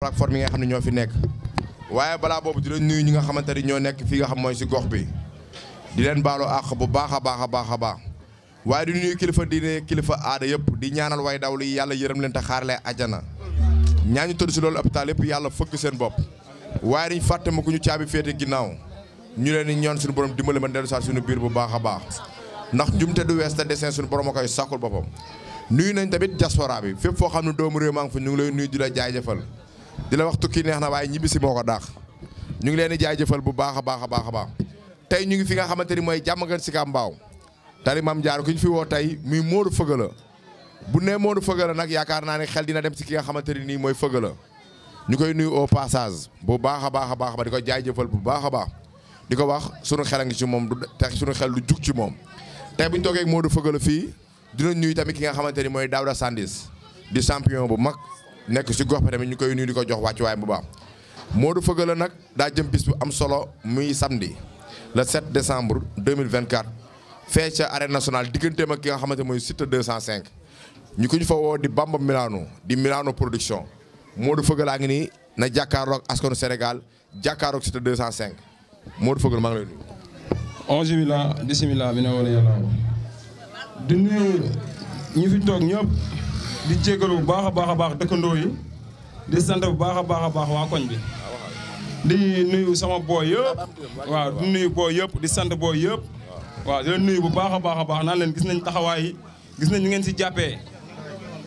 plateforme yi xam ne ñoo fi nekk waaye balaa boobu di leen nuyu ñi nga xamante ni ñoo nekk fi nga xam mooy si gox bi di leen baalu àq bu baax a baax a baax a baax waaye di nuyu kilifa diine kilifa aada yëpp di ñaanal way dawlu yi yàlla yërëm leen te xaarale ajana ñaañu tëdd si loolu hôpital yëpp yàlla fëgg seen bopp waaye dañ fàtte ma ku ñu caabi féete ginnaaw ñu leen di ñoon suñu borom dimbali ma dellu saa suñu biir bu baax a baax ndax njumte du wees te dessin suñu borom a koy sàkkul boppam nuyu nañ tamit diaspora bi fépp foo xam ne doomu réew maa ngi fa ñu ngi lay nuyu di la di la wax tukki neex na waaye ñibbisi moo ko daax ñu ngi leen di jaajëfal bu baax a baax a baax a baax tey ñu ngi fi nga xamante ni mooy jàmm gan si ka mbaaw tali maam jaar ku ñu fi woo tey mii muy Modou Feugeula bu nee Modou Feugeula nag yaakaar naa ne xel dina dem si ki nga xamante ni nii mooy Feugeula ñu koy nuyu au passage bu baax a baax a baax di ko jaajëfal bu baax a baax di ko wax sunu xel a ci moom du te sunu xel lu jug ci moom tey bu ñu toogee ak Modou Feugeula fii dina nuyu tamit ki nga xamante ni mooy Daouda Sandwich di champion bu mag nekk si gox bi ñu koy nuyu di ko jox wàccuwaay bu baax Modou Feugeula nag daa jëm bis bu am solo muy samdi le 7 décembre 2024 fee ca arène nationale digganteem ak ki nga xamante mooy Siteu 205 ñu ko ñu fa woo di Bamba Milano di Milano production moo Modou Feugeula ngi nii na jàkkaaroog askanu Sénégal jàkkaaroog Siteu 205 Modou Feugeula maa ngi lay nuyu. onze mille bisimilah bi ne wala yàlla di nuyu ñu fi toog ñëpp. di jégalu bu baax a baax a baax dëkkandoo yi di sant bu baax a baax a baax waa koñ bi di nuyu sama booy yëpp waaw di nuyu booy yëpp di sant booy yëpp waaw di leen nuyu bu baax a baax a baax leen gis nañ taxawaay yi gis nañ ñu ngeen si jàppee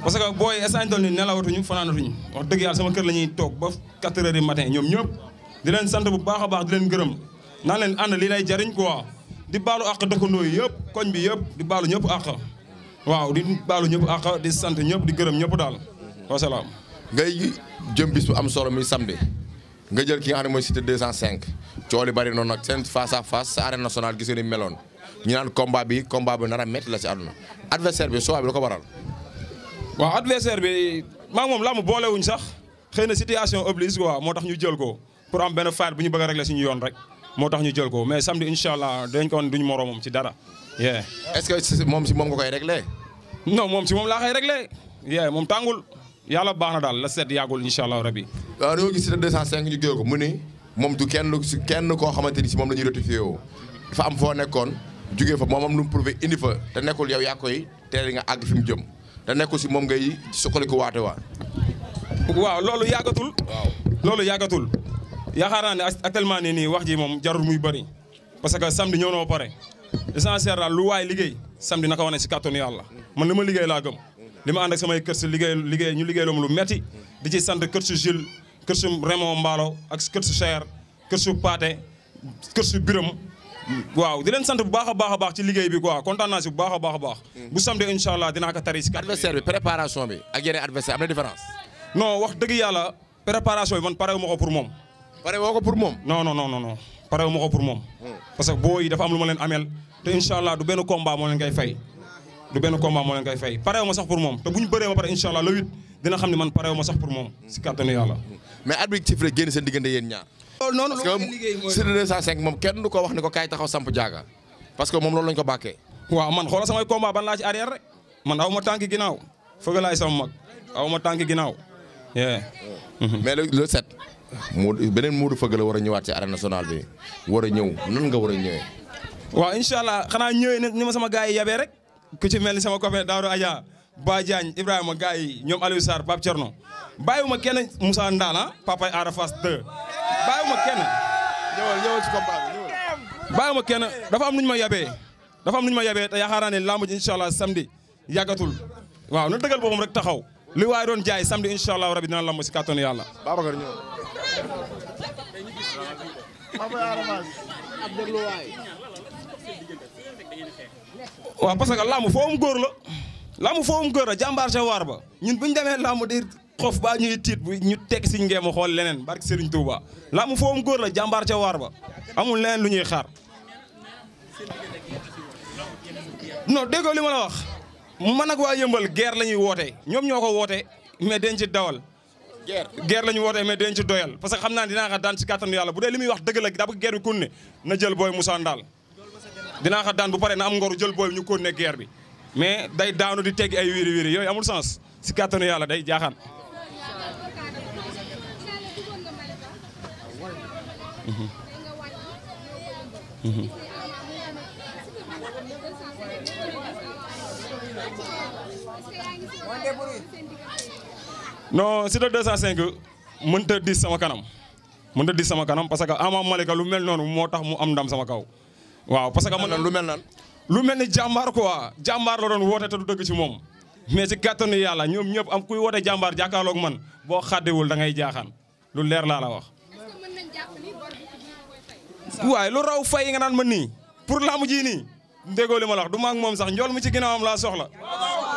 parce que booy essange tol ni nelawatuñu fanaanatuñu wax dëgg yàlla sama kër la ñuy toog ba 4 heures du matin ñoom ñëpp di leen sant bu baax a baax di leen gërëm naa leen ànd lii lay jariñ quoi di baalu àq dëkkandoo yi yëpp koñ bi yëpp di baalu ñëpp àq waaw di baalu ñëpp àq di sant ñëpp di gërëm ñëpp daal wasalaam. ngay jëm bis bu am solo mi samedi nga jël ki nga xam ne mooy cité 205 coow li bari noonu nag seen face à face sa arène nationale gis meloon ñu naan combat bi combat bi nar a métti la ci àdduna adversaire bi soo bi ko baral waaw adversaire bi maa moom laa mu boolewuñ sax xëy na situation oblige quoi moo tax ñu jël ko pour am benn faar bu ñu bëgg a régler suñu yoon rek moo tax ñu jël ko mais samedi incha allah dañ ko wan duñu moroomam ci dara. yeah est-ce moom si moom nga koy réglé. non moom si moom laa koy réglé. yeah moom tàngul yàlla baax na daal la seet yàggul incha allah rabi. waaw dañoo gis ne ñu ko mu moom du kenn si kenn koo xamante ni si moom la ñuy ratifié woo dafa am foo nekkoon jugee fa moom am lu mu prouvé indi fa te nekkul yow yaa koy teel nga àgg fi mu jëm te nekkul si moom ngay suqaliku waate waa. waaw loolu yàggatul. waaw loolu yàggatul. yaakaar naa ne actuellement nii nii wax ji moom jarul muy bëri parce que samedi ñëw na ba pare. essentiel daal lu waay liggéey samedi naka wane si kàttanu yàlla man li ma liggéey laa gëm ma ànd ak samay kër si liggéey liggéey ñu liggéey loom lu metti di ci sant kër su Jules kër su Raymond Mballo ak kër su Cher kër su Paate kër su Biram waaw di leen sant bu baax a baax baax ci liggéey bi ko kontaan naa si bu baax a baax a baax bu samedi incha allah dinaa ko tari si adversaire bi préparation bi ak adversaire am na différence non wax dëgg yàlla préparation bi man pare ma ko pour moom pare woo ko pour moom non non non non pare ma pour moom. Hmm. parce que boo yi dafa am lu ma leen ameel te incha allah du benn combat moo leen koy fay. du benn combat moo leen koy fay pareewu sax pour moom te bu ñu bëree ma pare incha allah le huit dina xam ne man pareewu ma sax pour moom si kàttanu yàlla. Hmm. mais arbitre ci fële génn seen diggante yéen ñaar. Oh, noonu la ma liggéey mooy parce que Siteu 205 moom kenn du ko wax ne ko kaay taxaw samp jaaga parce que moom loolu lañ ko ma tànki ginnaaw Modou beneen Modou Feugue la war a ñëwaat ci arène bi war a ñëw nan nga war a ñëwee. waaw incha allah xanaa ñëwee nag ni ma sama gars yi yabee rek ku ci mel ni sama copain Daouda Adja Ba jaañ Ibrahima gars yi ñoom Aliou Sarr Pape Thierno bàyyiwuma kenn Moussa Ndana ah, Papa Ara Fass 2 bàyyiwuma kenn. ñëwal ñëwal ci combat bi ñëwal. bàyyiwuma kenn dafa am nu ñu ma yabee dafa am nu ñu ma yabee te yaakaar naa ne lamb ji yàggatul waaw na dëggal boppam rek taxaw li waay doon jaay samedi incha allah rabi dina lamb waa parce que làmb foofu góor la làmb foofu góor la ca waar ba ñun bu ñu demee làmb di xof baa ñuy tiit bu ñu teg si ngeen ma xool leneen barke Serigne Touba làmb foofu góor la jàmbaar ca waar ba amul leneen lu ñuy xaar. no déggoo li ma la wax man ak waa yëmbal geer la ñuy woote ñoom ñoo ko woote mais denc dawal. geer la ñu woote mais dañ ci doyal parce que xam naa dina xa daan ci kàttanu yàlla bu dee li muy wax dëgg la daa bëgg guerre bi continuer na jël booy Moussa Ndaal dinaa xa daan bu pare na am ngoru jël booy ñu continuer geer bi mais day daanu di teg ay wiiri wiiri yooyu amul sens si kàttanu yàlla day jaaxaan mhm. non Siteu 205 mënut a dis sama kanam mënut a dis sama kanam parce que Ama Malika lu mel noonu moo mu am ndam sama kaw waaw parce que man lu mel nan lu mel ni jàmbaar quoi jambar la doon woote te du dëgg ci mom mais ci gàttanu yàlla ñoom ñëpp am kuy woote jàmbaar jàkkaarloog man boo xàddewul da ngay jaaxaan lu leer laa la wax waaye lu raw fay nga naan ma nii pour laamu ji nii ndégoo la wax sax mi ci ginnaawam laa soxla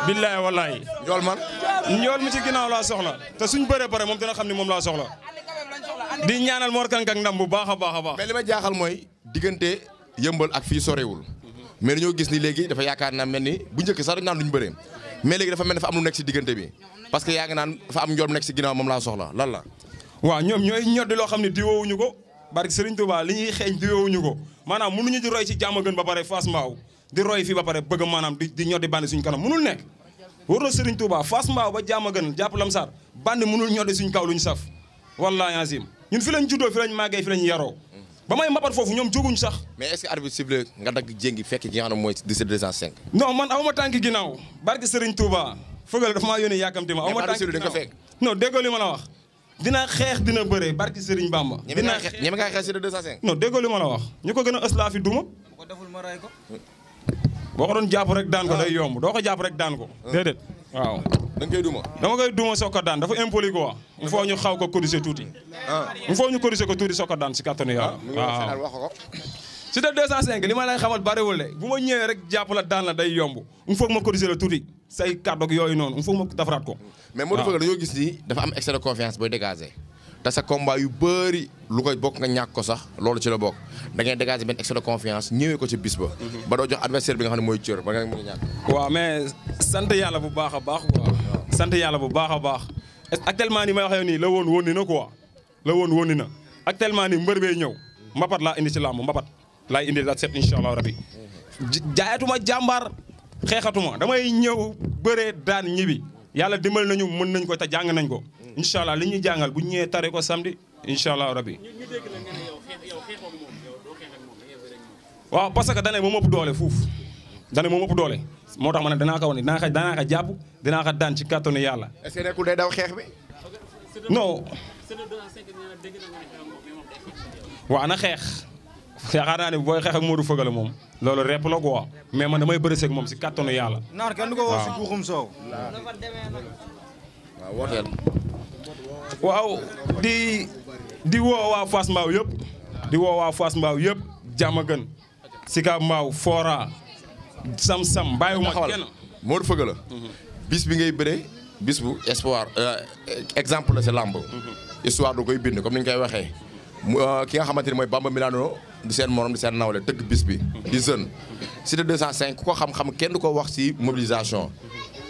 billaay wallaay. njool man. njool mi ci ginnaaw laa soxla. te suñ bëree pare moom dina xam ni moom laa soxla. di ñaanal Mor Kang ndam bu baax a baax a baax. li ma jaaxal mooy diggante yëmbal ak fii sorewul mais dañoo gis ni léegi dafa yaakaar naa mel ni bu njëkk sax dañu naan duñ bëree mais léegi dafa mel ni dafa am lu nekk si diggante bi parce que yaa ngi naan dafa am njool moom laa soxla lan la. waaw ñoom ñooy ñoddi loo xam ne ñu ko barke Serigne Touba li ñuy xeeñ diwoowuñu ko maanaam mënuñu di roy ci jàmm gën ba pare Fass Mbao di roy fii ba pare bëgg maanaam di di ñoddi bandi suñu kanam war na Serigne Touba Fass Mbao ba jàmm a gën jàpp Lamsaar bandi mënul ñodde suñ kaw lu ñu saf wallaahi azim ñun fi lañ juddoo fi lañ màggee fi lañ yaroo ba may mbapat foofu ñoom jóguñ sax mais est-ce que arbitre nga dagg jéngi fekk ki nga xam ne mooy 17205 non man awma tànk ma awma tànk ginnaaw non déggoo li ma la wax dina xeex dina bëree barki Serigne Bamba. dina xeex ñeme nga xeex si 205. non déggoo li ma la wax ñu ko gën a ës laa fi ko deful ma ray ko. boo ko doon jàpp rek daan ko day yomb doo ko jàpp rek daan ko ah. déedéet waaw da nga koy duma dama koy duma soo ko daan dafa impoli quoi il xaw ko corriger tuuti ah. il faut ñu corriger ko tuuti soo ko daan si kattanu ah. yàlla waaw si li ma lay xamal bariwul de bu ma ñëwee rek jàpp la day yomb il ma corriger la tuuti say kàddu yooyu noonu il faut ma defaraat ko mais moo dafa dañoo gis ni dafa am excès de confiance booy dégager te sa combat yu bëri lu koy bokk nga ñàkk ko sax loolu ci la bokk da ngay dégager benn excès de confiance ñëwee ko ci bis ba. Mhm. ba doo bi nga xam ne mooy cër a ñàkk. waaw mais sant yàlla bu baax a baax quoi. sant yàlla bu baax a baax. actuellement nii may waxee nii la woon woon na quoi la woon woon na actuellement nii mbër bee ñëw mbapat laa indi ci làmb mbapat laay indi la set incha allah rabi. jaayatuma jàmbaar xeexatuma damay ñëw bëree daan ñibi yàlla dimbali nañu mën nañ ko te jàng nañ ko. incha allah li ñuy jàngal bu ñëwee tare ko samedi incha allah rabi. waaw parce que danay moo ëpp doole fuuf danay moom ëpp doole moo tax ma ne danaa ko wane dinaa ko danaa ko jàpp dinaa ko daan ci kàttanu yàlla. est day daw xeex waaw na xeex. yaakaar naa ne booy xeex ak Modou Feugeule moom loolu rep la quoi mais man damay bëri seeg moom si kàttanu yàlla. naar woo si waaw di di woo waa Fass Mbao di woo waa Fass Mbao yëpp jàmm a gën Sika Mbao Fora Sam-Sam bàyyiwuma kenn moo fëgg la mhm. bis bi ngay bëree bis bu espoir euh, exemple la si làmb mhm. histoire du koy bind comme ni ñu koy waxee euh, ki nga xamante ni mooy Bamba Milano du seen morom di seen nawle tëgg bis bi di jeune mhm. Cité 205 ku ko xam-xam kenn du ko wax si mobilisation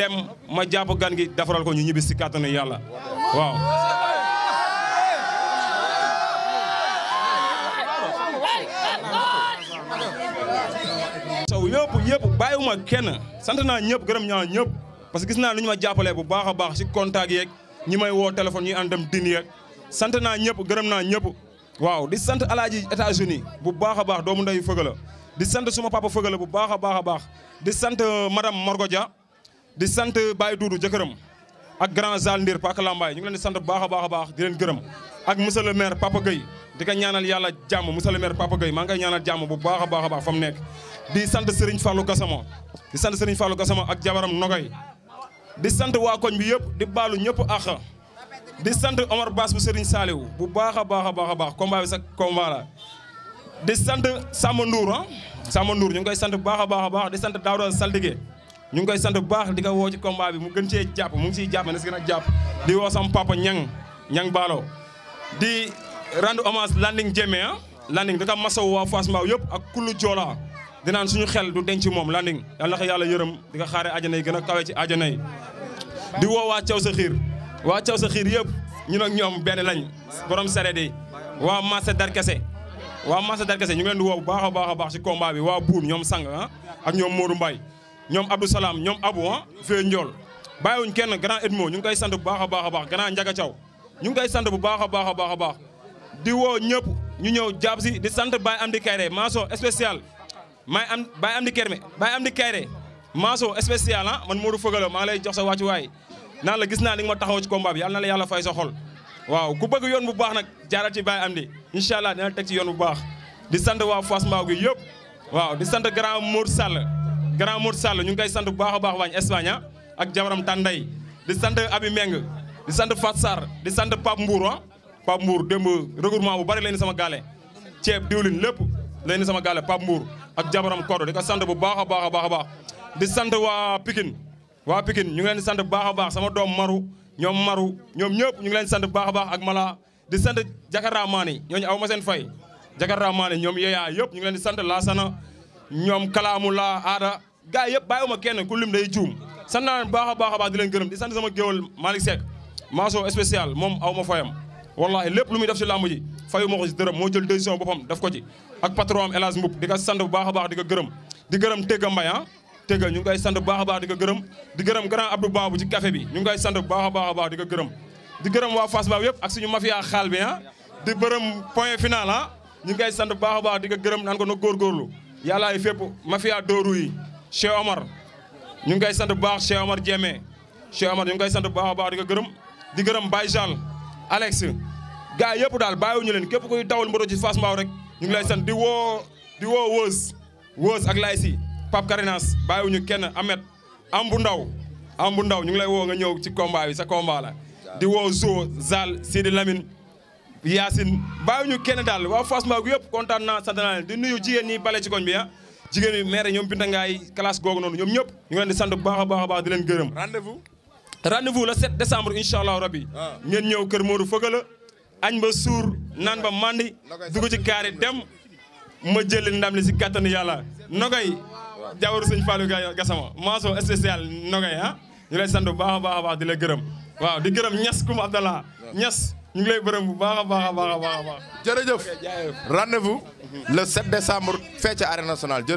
tem ma jàpp gan gi defaral ko ñu ñibbi si kàttanu yàlla waaw. sow yëpp yëpp bàyyiwuma kenn sant naa ñëpp gërëm ñaa ñëpp parce que gis naa lu ñu ma jàppalee bu baax a baax si contact yeeg ñi may woo téléphone ñuy àndam dini yeeg sant naa ñëpp gërëm naa ñëpp. waaw di sant alaaji états bu baax a baax doomu ndeyu fëgg di sant suma papa fëgg bu baax a baax a baax di sant euh, madame Morgo di sant Baye Doudou jëkkëram ak grand Zal Ndir Paka ñu ngi sant bu baax a baax a di leen gërëm ak monsieur le maire Papa di ko ñaanal yàlla jàmm monsieur le maire Papa Gueye maa ngi koy ñaanal jàmm bu baax a baax a baax fa mu nekk di sant Serigne Fallou Gassama di sant Serigne Fallou Gassama ak jabaram Nogay di sant waa koñ bi yëpp di baalu ñëpp àq di sant Omar Bass bu Serigne Saliou bu baax a baax a baax a baax combat bi sa combat di sant Samba Ndour ah Samba ñu ngi sant bu baax a baax a baax di sant Daouda Saldigue ñu ngoy koy sant bu baax di ko woo ci combat bi mu gën ci japp mu ci japp di wo sam papa ñang ñang balo di rendre hommage landing Jeme ah. landing da ka masawu wa Fass Mbao yëpp ak kulu jola di nan suñu xel du denc mom landing yalla na ko yàlla yërëm di ko xaare ajana yi gëna kawé ci aljana yi di wo wa caw sa xir wa ciow sa xir yëpp ñu nak ñom ben lañ borom wa massa dar kessé wa massa dar kessé ñu ngi leen di bu baaxa a ci combat bi wa boom ñom sang ah, ak ñom Modou Mbaye ñoom Abdou Salaam ñoom Abou ah fee Ndiol bàyyiwuñ kenn grand Edmo ñu ngi koy sant bu baax a baax a baax grand Ndiaga Thiaw ñu ngi koy sant bu baax a baax a baax baax di woo ñëpp ñu ñëw jàpp si di sant Baye Amdi Kayre maaso spécial may am Baye Amdi Kerme Baye Amdi Kayre maaso spécial ah man Modou Feugeula maa lay jox sa waaj waay naan la gis naa ni nga ma taxaw ci combat bi yàlla la yàlla fay sa xol waaw ku bëgg yoon bu baax nag jaaral ci am Amdi incha allah dina teg ci yoon bu baax di sant waa Fass Mbao gi yëpp waaw di sant grand Mour Sall grand Mor Sall ñu ngi sante bu baax baax wañ Espagne ak jabaram Tanday di sante Abi Meng di sante fatsar di sante pap Mbour ah Mbour regroupement bu bari leen sama galé ciép diwlin lepp leen sama galé pap Mbour ak jabaram Kodo di ko sante bu baax a baax baax baax di sante wa pikin wa pikin ñu ngi leen bu baax baax sama dom Maru ñom Maru ñom ñepp ñu ngi leen sante bu baax baax ak Mala di sante Jakarta mani, ñooñu awma sen fay Jakarta mani ñom yeya yëpp ñu ngi leen di sant Laasana ada gars yëpp ma kenn ku lim day juum sant naa leen baax a baax a baax di leen gërëm di sant sama géwal Malick Seck mention spéciale moom aw ma fayam wallahi lépp lu muy def si làmb ji fayu ma dërëm moo jël décision boppam daf ko ci ak patron am El Hadj di ko sant bu baax a baax di ka gërëm di gërëm Tégga Mbaye ah ñu ngi koy sant bu baax baax di ko gërëm di gërëm grand Abdou Babou ci café bi ñu ngi koy sant bu baax a baax a baax di ko gërëm di gërëm waa Fass Ba yëpp ak suñu mafia xaal bi ah di bërëm point final ah. ñu ngi koy sant bu baax baax di ko gërëm naan ko na góorgóorlu yàllaay fépp mafia dóoru yi Cheikh Omar ñu ngi koy sant bu baax Cheikh Omar Diémé Cheikh Omar ñu ngi koy sant baax a baax di gërëm di gërëm Baye Jall Alex gars yëpp daal bàyyiwuñu leen képp kuy dawal mbooloo ci Fass Mbao rek ñu ngi lay sant di woo di woo Woz Woz ak lay si Pape Carinas bàyyiwuñu kenn Ahmed Ambu Ndaw Ambu Ndaw ñu ngi lay woo nga ñëw ci combat bi sa combat di woo Zo Zal Sidi Lamine Yacine ñu kenn daal waa Fass Mbao gi yëpp kontaan naa sant naa leen di nuyu jigéen ñi bale ci koñ bi ah. jigéen yi maire ñoom Binta Ngaay classe googu noonu ñoom ñëpp ñu ngi leen di sant bu baax a baax a baax di leen gërëm. rendez la rendez-vous le 7 décembre allah rabi. Ah. ngeen ñëw Kër Modou Feugeula. añ ba suur naan ba mandi dugg ci kaari dem ma jëli ndam li si kàttanu yàlla nogay jawaru sëñ Fallou Gassama maaso spécial nogay ah ñu lay sant bu baax a baax a di la gërëm waaw di gërëm ñes kum Abdallah ñes ñu ngi lay gërëm bu baax a a baax a baax jërëjëf rendez le 7 décembre fee ca Arène